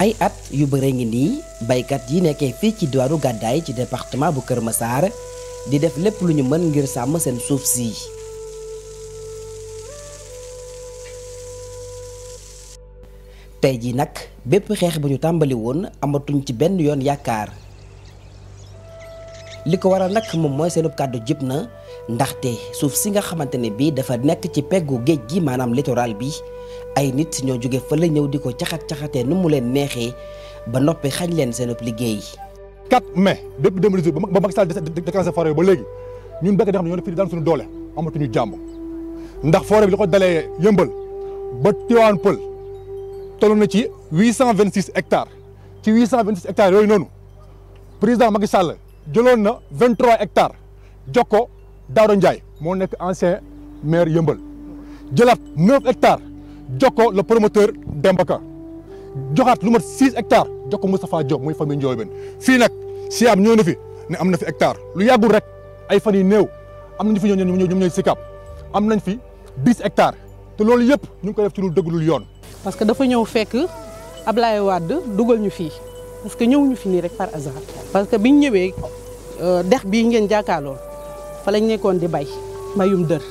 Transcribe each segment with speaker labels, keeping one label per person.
Speaker 1: ay at yu bëre ngi nii baykat yi nekkee fi ci diwaanu gàddaay ci département bu Kër Massar di def lépp lu ñu mën ngir sàmm seen suuf si tey jii nag bépp xeex bu ñu tàmbali woon amatuñ ci benn yoon yaakaar li ko waral nag moom mooy seenub kàddu jib na ndaxte suuf si nga xamante ne bii dafa nekk ci peggu géej gi maanaam littoral bi ay nit ñoo jóge fa la ñëw di ko caxat caxatee nu mu leen neexee ba noppi xañ leen seenub liggéey. 4 mai depuis
Speaker 2: 2018 ba Macky Sall déclenché forêt ba léegi ñun béykat yi xam ne ñoo ne fii daan suñu doole amatuñu jàmm ndax forêt bi li ko dalee yëmbal ba Tivaouane toll na ci huit cent vingt six hectares ci huit cent vingt six hectares yooyu noonu président Macky Sall jëloon na vingt trois hectares jox ko Daouda Ndiaye moo nekk ancien maire Yëmbal jëlaat hectare hectares jox ko le promoteur Demba joxaat lu mat six hectares jox ko Moustapha Diop muy famille Ndiobène fii nag Siam ñoo na fi ne am na fi hectare lu yàggul rek ay fan yu néew am nañu fi ñoo ñoom ñooy Sicap am nañ fi
Speaker 3: dix hectares te
Speaker 2: loolu yëpp ñu ngi ko def ci lu dëgg lu yoon.
Speaker 3: parce que dafa ñëw fekk Ablaye Wade dugal ñu fii parce que ñëwuñu fi nii rek par hasard. parce que bi biñ ñëwee euh, dex bii ngeen jàkkaarlool fa lañ nekkoon di bay bayum dër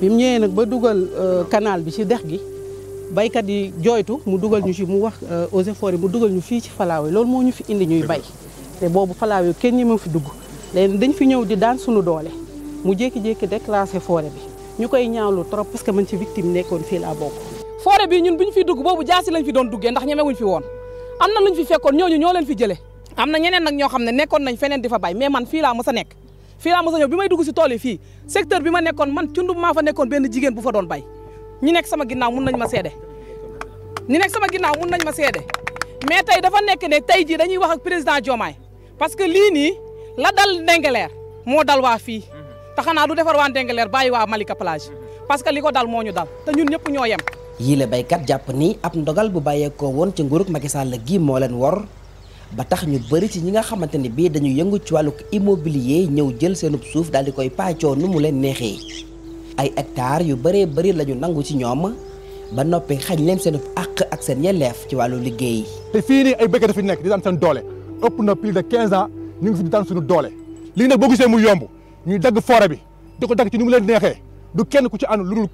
Speaker 3: bi ñëwee nag ba dugal euh, canal bi ci dex gi baykat yi jooytu mu dugal ñu ci mu wax euh, eaux et forêts mu dugal ñu fii ci Fallawe loolu moo ñu fi indi ñuy bay te boobu Fallawe kenn ñi ma fi dugg leen dañ fi ñëw di daan suñu doole mu jékki-jékki déclassé forêt bi ñu koy ñaawlu
Speaker 4: trop parce que man ci victime nekkoon fii laa bokk. forêt bi ñun bu ñu fiy dugg boobu jaasi lañ fi doon duggee ndax ñemewuñ fi woon am na luñ fi fekkoon ñooñu ñoo fi jëlee am na ñeneen nag ñoo xam ne nekkoon nañ feneen di fa bay mais man fii laa a nekk fii laa mës a ñëw bi may dugg si tool fii secteur bi ma nekkoon man cundub maa fa nekkoon benn jigéen bu fa doon bay ñi nekk sama ginnaaw mun nañ ma seede ñi nekk sama ginnaaw mun nañ ma seede mais tey dafa nekk ne tey jii dañuy wax ak président Diomaye parce que lii nii la dal Ndingler moo dal waa fii te du defar waa Ndingler bàyyi waa Malika Plage parce que li ko dal moo ñu dal ñun ñëpp ñoo yem
Speaker 1: yile baykat jàpp ni ab ndogal bu bàyyeekoo woon ci nguurug Macky Sall gii moo leen wor ba tax ñu bëri ci ñi nga xamante ni bii dañu yëngu ci wàllu wàllug immobilier ñëw jël seenub suuf daal di koy pàccoo nu mu leen neexee ay hectares yu bëree bëri lañu nangu ci ñoom ba noppi xañ leen seenub àq ak seen yelleef ci wàllu liggéey. te fii nii ay béykat dafa nekk di daan seen doole ëpp na plus de 15 ans ñu ngi fi di daan suñu doole
Speaker 2: lii nag boo gisee mu yomb ñuy dagg forêt bi di ko dagg ci nu leen neexee du kenn ku ci ànd lu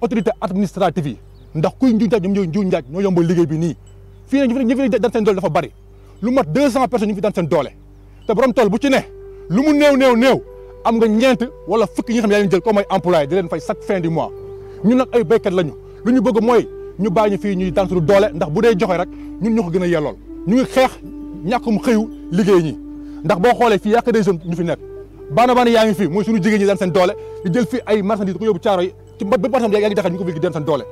Speaker 2: autorité administrative ndax kuy njuñ njaaj ñoom ñooy njuñ njaaj ñoo yombal liggéey bi nii fii nag ñu fi daan seen doole dafa bari lu mat deux cent personnes ñu fi daan seen doole te borom tool bu ci ne lu mu néew néew néew am nga ñeent wala fukki ñi nga xam ne yaa leen jël comme ay employé di leen fay chaque fin du mois ñun nag ay béykat lañu lu ñu bëgg mooy ñu bàyyi ñu fii ñuy daan suñu doole ndax bu dee joxe rek ñun ñoo ko gën a yellool ñu ngi xeex ñàkkum xëyu liggéey ñi ndax boo xoolee fii yàq des jeunes ñu fi nekk baana baana yaa ngi fii mooy suñu jigéen ñi daan seen doole di jël fii ay marchandise ko yóbbu caaro yi ci bat ba batam yaa ngi jaxal ñu ko fi di daan seen doole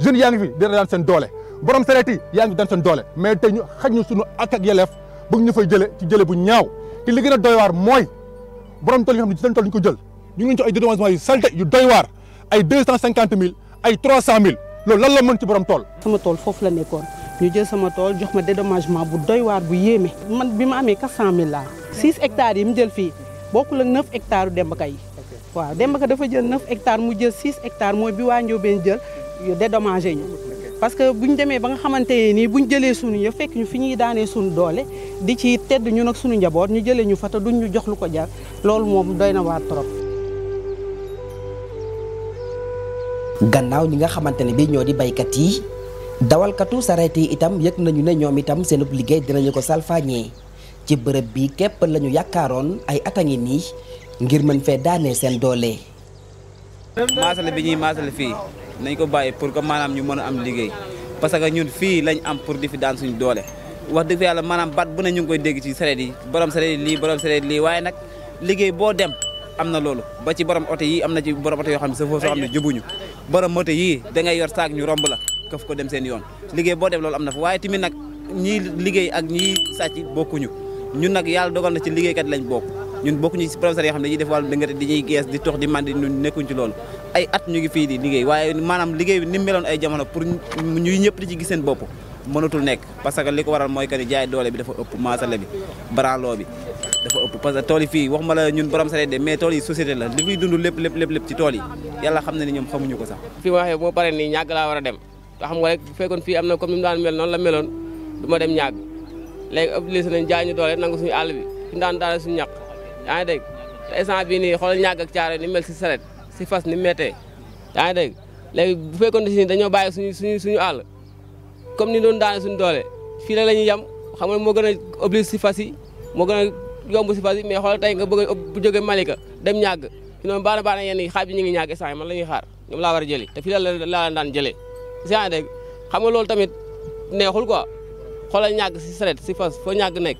Speaker 2: jeunes yaa ngi fi dina daan seen doole borom sareet yi yaa ngi daan seen doole mais tey ñu xaj ñu sunu ak ak yeleef bëgg ñu jële ci jële bu ñaaw te li gën a doy waar mooy borom tool yi xam ne ñu ko jël ñu ngi ci ay dédommagement yu salte yu doy ay deux cent
Speaker 3: cinquante mille ay trois cent mille loolu lan la mën ci borom tool sama tool foofu la nekkoon ñu jël sama tool jox ma dédommagement bu doy waar bu yéeme man bi ma amee quatre cent mille laa six hectares yi mu jël fii bokkul ak neuf hectares u Demba Ka yi waaw Demba jël neuf hectares mu bi waa dédommagé ñu parce que bu ñu demee ba nga xamante ne nii bu ñu jëlee suñu yëf fekk ñu fi ñuy daanee suñu doole di ci tedd ñu nag suñu njaboot ñu jëlee ñu fa te duñ ñu jox lu
Speaker 1: ko jar loolu moom doy na waar trop. gannaaw ñi nga xamante ne bii ñoo di baykat yi dawalkatu sareet yi itam yëg nañu ne ñoom itam seenub liggéey dinañu ko salfaañee ci bërëb bi képp lañu yàkkaaroon ay at a nii ngir mën fee daanee seen doole.
Speaker 5: maasale bi ñuy maasale fii. nañ ko bàyyi pour que maanaam ñu mën a am liggéey parce que ñun fii lañ am pour di fi daan suñu doole wax dëgg fa yàlla maanaam bat bu ne ñu ngi koy dégg ci sareet yi borom sareet yi lii borom sareet lii waaye nag liggéey boo dem am na loolu ba ci borom oto yi am na ci borom oto yoo xam ne sa foofu soo xam ne jubuñu borom moto yii da ngay yor saak ñu romb la këf ko dem seen yoon liggéey boo dem loolu am na fa waaye tamit nag ñii liggéey ak ñii sàcc bokkuñu ñun nag yàlla dogal na ci liggéeykat lañ bokk ñun bokku ñu si professeurs yoo xam ne dañuy def wàllu dëngate dañuy gees di tox di mandi ñun nekkuñ ci loolu ay at ñu ngi fii di liggéey waaye maanaam liggéey bi ni meloon ay jamono pour ñuy ñëpp di ci gis seen bopp mënatul nekk parce que li ko waral mooy que ni jaay doole bi dafa ëpp maasale bi branloo bi dafa ëpp parce que tool yi fii waxuma la ñun borom sareet de mais tool yi société la li fiy dund lépp lépp lépp lépp ci tool yi yàlla xam na ni ñoom xamuñu ko sax fi ma waxee moo pare nii ñàgg laa war a dem te xam nga rek fekkoon fii am na comme ni mu daan mel noonu la meloon du ma dem ñàgg léegi obligé nañ jaay ñu doole nangu suñu àll bi fi daan daale suñu ñàq yaa ngi dégg te instant bii nii xoolal ñàgg ak caare ni mel si saret si fas ni méttee yaa ngi dégg bu fekkoon ne si dañoo bàyyi suñu suñu suñu àll comme ni doon daan suñu doole fii la la ñuy yem xam nga moo gën a oblige si fas yi moo gën a yomb si fas yi mais xoolal tey nga bëgg a bu jóge Malika dem ñàgg si noonu baana baana yenn yi xaaj bi ñu ngi ñàgg instant yi man la ñuy xaar ñoom laa war a jëli te fii la la la daan jëlee si yaa ngi xam nga loolu tamit neexul quoi xoolal ñàgg si saret si fas foo ñàgg nekk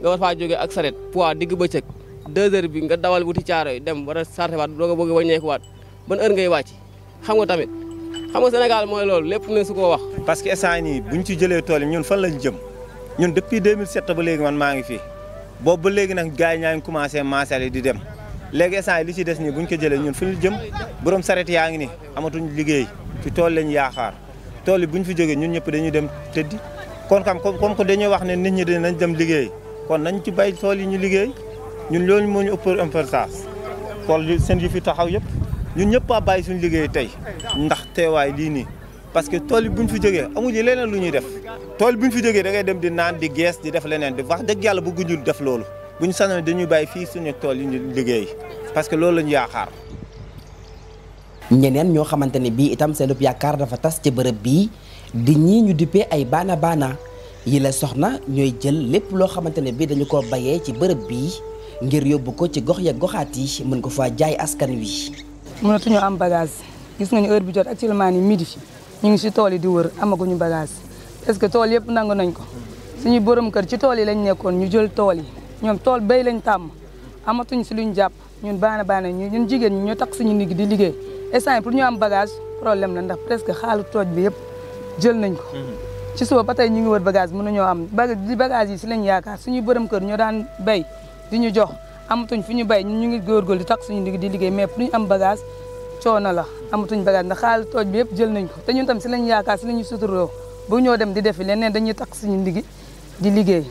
Speaker 5: nga jóge ak saret poids digg bëccëg deux heures bi nga dawal wuti caaro yi dem war a sartewaat doo ko bëgg wàññeekuwaat ban heure ngay wàcc xam nga tamit xam nga Sénégal mooy loolu lépp ne su ko wax. parce que instant yii bu ci jëlee tool yi ñun fan lañ jëm ñun depuis 2007 ba léegi man maa ngi fii boobu ba léegi nag gars yi ngi commencé maasal yi di dem léegi instant yi li ci des ni buñ ñu jëlee ñun fu ñu jëm borom saret yaa ngi ni amatuñ liggéey ci tool lañ yaakaar tool yi bu ñu fi jógee ñun ñëpp dañuy dem tëddi kon xam kon ko dañuy wax ne nit ñi dinañ dem liggéey kon nañ ci bay tool yi ñu liggéey ñun loolu moo ñu ëpp importance xool seen yu fi taxaw yëpp ñun ñëpp a bàyyi suñu liggéey tey ndax teewaay lii nii parce que tool yi bu ñu fi jógee amuñu leneen lu ñuy def tool bu ñu fi jógee dangay dem di naan di gees di def leen di wax dëgg yàlla bëgguñu def loolu bu ñu sanoon dañuy bàyyi fii suñu tool yi ñu liggéey parce que loolu la ñu yaakaar.
Speaker 1: ñeneen ñoo xamante ne bii itam seenub yaakaar dafa tas ci bërëb bii di ñii ñu duppee ay baana baana yi la soxna ñooy jël lépp loo xamante ne bii dañu ko bayee ci bërëb bii ngir yóbbu ko ci gox ya goxaat yi mën ko faa jaay askan wi.
Speaker 6: mënatuñu am bagage gis nga ni heure bi jot actuellement ni midi ñu ngi si tool yi di wër amaguñu bagage est-ce que tool yëpp nangu nañ ko suñu borom kër ci tool yi lañ nekkoon ñu jël tool yi ñoom tool béy lañ tàmm amatuñ si luñ jàpp ñun baana baana ñun jigéen ñi ñoo tax suñu nit di liggéey instant pour ñu am bagage problème la ndax presque xaalu tool bi yëpp jël nañ ko. Mhm. ci suba ba tey ñu ngi wër bagage mënuñoo am bagage si lañ yaakaar suñu borom kër ñoo daan béy di ñu jox amatuñ fu ñu bay ñu ngi góorgóorlu tax suñu ndig di liggéey mais pour ñu am bagage coono la amatuñ bagage ndax xaalis tooj yëpp jël nañ ko te ñun tam si si la ñu suturoo bu ñoo dem di defi leneen dañuy tax suñu ndigi di liggéey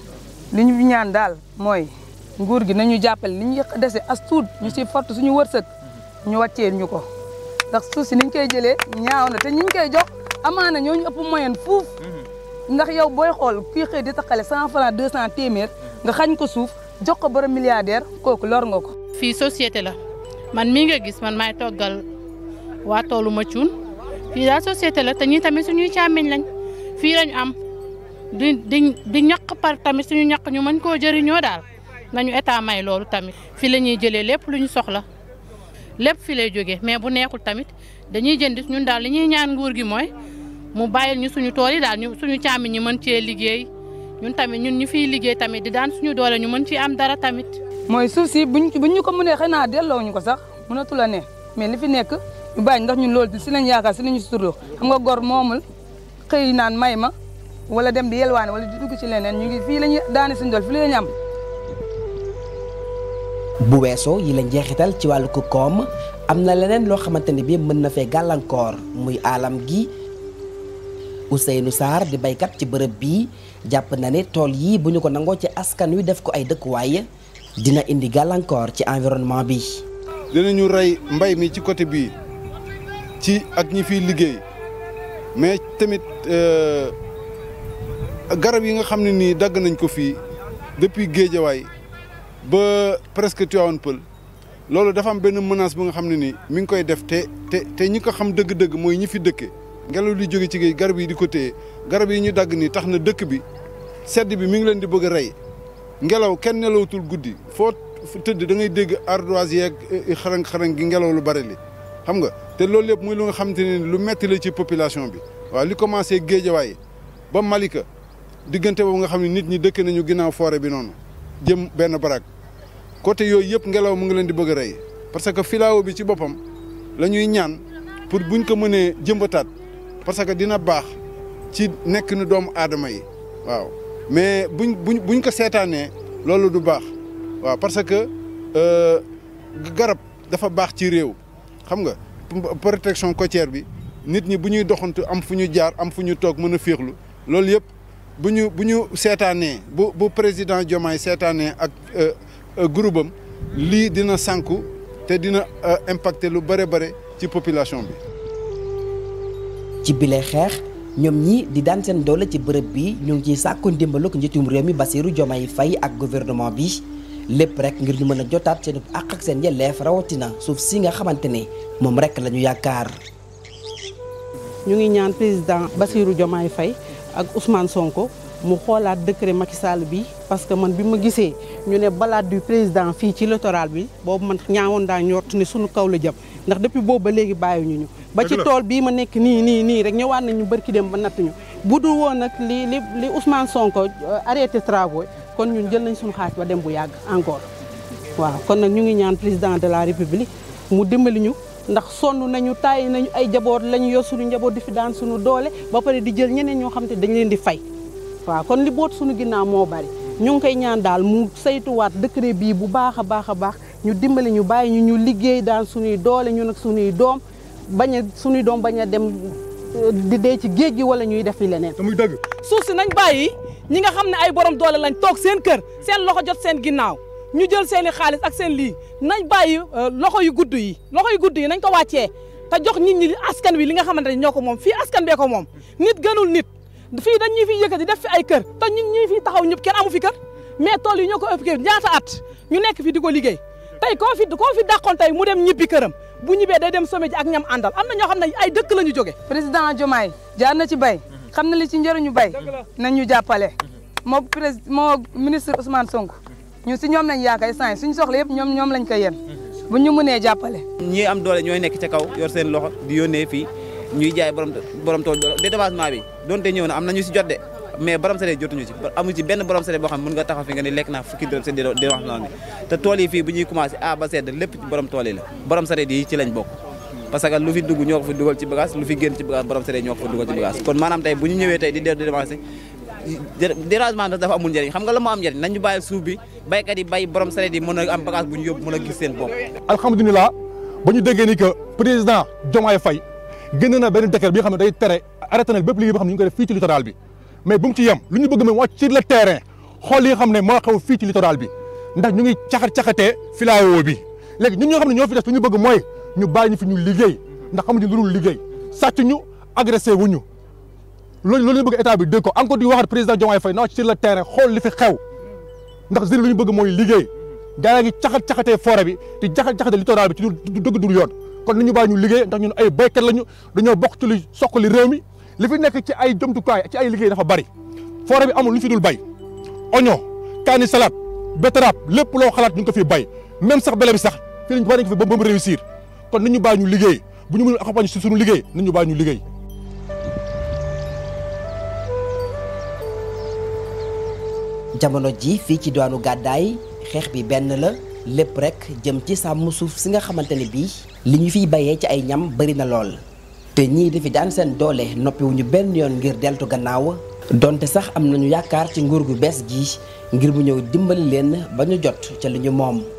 Speaker 6: li ñu ñaan daal mooy nguur gi nañu jàppale li ñu dese as tuut ñu si fort suñu wërsëg ñu wàccee ñu ko ndax suuf si niñ koy jëlee ñaaw na te ñi ñu koy jox amaana ñoo ñu ëpp moyen fuuf mhm. ndax yow booy xool kii di taxale cent franc deux cent téeméer nga xañ ko suuf jox ko borom milliardaire kooku lor
Speaker 3: nga ko. fii société la man mii nga gis man may toggal waa toolu ma cuun fii daal société la te ñii tamit suñuy càmmiñ lañ fii lañu am di ñaq par tamit suñu ñaq ñu mën koo jëriñoo daal nañu état may loolu tamit. fii la ñuy jëlee lépp lu ñu soxla lépp fii lay jógee mais bu neexul tamit dañuy jënd ñun daal li ñuy ñaan nguur gi mooy mu bàyyil ñu suñu tool yi daal ñu suñu càmmiñ ñi mën cee liggéey. ñun tamit ñun ñu fiy liggéey tamit di daan suñu doole ñu mën ci am dara tamit.
Speaker 6: mooy suuf si buñ buñ ñu ko mënee xëy naa delloo ñu ko sax mënatu a ne mais ni fi nekk ñu bàyyi ndax ñu loolu si lañ si lañu suturloo xam gor moomul xëy naan may ma wala dem di yelwaane wala di dugg ci leneen ñu ngi fii lañu daane suñu dool fii lañu am.
Speaker 1: bu weesoo yi la jeexital ci wàllu koom am na leneen loo xamante ne bii mën na fee gàllankoor muy alam gi. Ousseynou saar di baykat ci bërëb bii jàpp na ne tool yii bu ñu ko nangoo ci askan wi def ko ay dëkkuwaay dina indi gàllankoor ci environnement bi.
Speaker 7: dinañu rey mbay mi ci côté bii ci ak ñi fiy liggéey mais tamit euh, garab yi nga xam ne nii dagg nañ ko fii depuis Géejawaay ba presque Tivaouane Peulh loolu dafa am benn menace bu nga xam ne nii mi ngi koy def te te te ñi ko xam dëgg-dëgg mooy ñi fi dëkke ngelaw li jóge ci géej garab yi di ko téye garab yi ñu dagg nii tax na dëkk bi sedd bi mi ngi leen di bëgg a rey ngelaw kenn nelawatul guddi foo tëdd da ngay dégg ardoise yeeg eh, eh, xarang-xarang gi ngelaw lu bari li xam nga te loolu yëpp muy lu nga xamante ni lu metti la ci population bi waaw li commencé Géejawaay ba Malika diggante boobu nga xam ne nit ñi dëkk nañu ginnaaw foore bi noonu jëm benn barag côté yooyu yëpp ngelaw mu ngi leen di bëgg a rey parce que filao bi ci boppam la ñuy ñaan pour buñ ko mënee jëmbataat parce que dina baax ci nekk nu doomu aadama yi waaw mais buñ buñ buñ ko seetaanee loolu du baax waaw parce que euh, garab dafa baax ci réew xam nga protection côtière bi nit ñi bu ñuy doxantu am fu ñu jaar am fu ñu toog mën a féexlu loolu yëpp bu ñu bu ñu seetaanee bu président Diomaye seetaanee ak euh, euh, groupe am lii dina sànku te dina impacter lu bare bare ci population bi.
Speaker 1: ci bile xeex ñoom ñi di daan seen doole ci bërëb bi ñu ngi ciy sàkku ndimbalu ko njiitum réew mi Bassirou Diomaye Faye ak gouvernement bi lépp rek ngir ñu mën a jotaat seen àq ak seen rawatina suuf si nga xamante ne moom rek la ñu yaakaar. ñu ngi ñaan président Bassirou Diomaye Faye ak Ousmane Sonko mu
Speaker 3: xoolaat décret Macky Sall bi parce que man bi ma gisee ñu ne balaat du président fii ci littoral bi boobu man ñaawoon daa ñort ne suñu kaw la jëm. ndax depuis boobu ba léegi bàyyiwuñu ñu ba ci tool bii ma nekk nii nii nii rek ñëwaat nañu barki dem ba natt ñu bu dul woon nag li li li Sonko euh, arrêté travaux kon ñun jël nañ suñu xaaj ba dem bu yàgg encore waaw kon nag ñu ngi ñaan président de la république mu dimbali ñu ndax sonn nañu tàyyi nañu ay jaboot lañu yor suñu njaboot di fi daan suñu doole ba pare di jël ñeneen ñoo xam te dañ leen di fay waaw kon li boot suñu ginnaaw moo bari ñu ngi koy ñaan daal mu saytuwaat décret bii bu baax a baax a baax ñu dimbali ñu bàyyi ñu ñu liggéey daan suñuy doole ñun ak suñuy doom bañ a suñuy doom
Speaker 4: bañ dem euh, di dee ci
Speaker 3: géej gi wala ñuy def fi leneen. te muy dëgg. si
Speaker 4: nañ bàyyi ñi nga xam ne ay borom doole lañ toog seen kër seen loxo jot seen ginnaaw ñu jël seen i xaalis ak seen lii nañ bàyyi euh, loxo yu gudd yi loxo yu gudd yi nañ ko wàccee te jox nit ñi askan wi li nga xamante ne ñoo ko moom fii askan bee ko moom nit gënul nit fii dañ ñuy fi yëkkati def fi ay kër te ñun ñii fi taxaw ñëpp kenn amu fi kër mais tool yi ñoo ko ñaata at ñu nekk fi di ko liggéey ay koo fi koo fi dàqoon tey mu dem ñibbi këram bu ñibbee day dem sommet ak ñam àndal am na ñoo xam ne ay
Speaker 6: dëkk la jóge président Diomaye jaar na ci bay xam na li ci njëriñu bay nañ ñu jàppale moo moo ministre Ousmane Sonko ñu si ñoom lañ yaakaar saa suñu soxla yëpp ñoom ñoom lañ koy yem bu ñu mënee jàppale
Speaker 5: ñi am doole ñooy nekk ca kaw yor seen loxo di yónnee fii ñuy jaay borom borom tool dédommagement bi donte ñëw na am na ñu si jot de mais borom sare jotuñu ci amu ci benn borom sare di wax fii bu ñuy commencé A ba sedd lépp borom tool la borom sare yi ci lañ bokk parce que lu fi dugg ñoo fi dugal ci bagage kon maanaam tey bu ñu ñëwee tey di def di demancé dérangement dafa amul xam nga la mu am njëriñ nañu bàyyi suuf bi baykat yi bay borom sare yi mën a am bu ñu yóbbu mën a gis seen bopp
Speaker 2: ba ñu déggee ni que président Diomaye Faye génn na benn décret bi xam ne day bi mais bu mu ci yem lu ñu bëgg mooy wàcc ci le terrain xool li xam ne moo xew fii ci littoral bi ndax ñu ngi caxat caxatee filao bi léegi ñun ñoo xam ne ñoo fi des lu ñu bëgg mooy ñu bàyyi ñu fi ñu liggéey ndax xamuñu lu dul liggéey sàcc ñu agressé wuñu loolu loolu ñu bëgg état bi dégg ko encore di waxaat président Diomaye Faye na wàcc le terrain xool li fi xew ndax jeunes ñu bëgg mooy liggéey gaa ngi caxat caxatee forêt bi di caxat caxatee littoral bi ci dëgg dul yoon kon ñu bàyyi ñu liggéey ndax ñun ay béykat lañu dañoo bokk ci li soqali réew li fi nekk ci ay jomtukaay ci ay liggéey dafa bari forêt bi amul lu fi dul bay oignon kaani salaat betterave lépp loo xalaat ñu ngi ko fi bay même sax bele bi sax fii lañ bari ko ba mu réussir kon nañu bàyyi ñu liggéey bu ñu mënul accompagner si suñu liggéey
Speaker 1: nañu bàyyi ñu liggéey. jamono ji fii ci doonu gàddaay xeex bi benn la lépp rek jëm ci sàmm suuf si nga xamante ne bii li ñu fiy bayee ci ay ñam bari na lool. te ñii di fi daan seen doole noppiwuñu benn yoon ngir deltu gannaaw donte sax am nañu yaakaar ci nguur gu bees gi ngir mu ñëw dimbali leen ba ñu jot ca li ñu moom.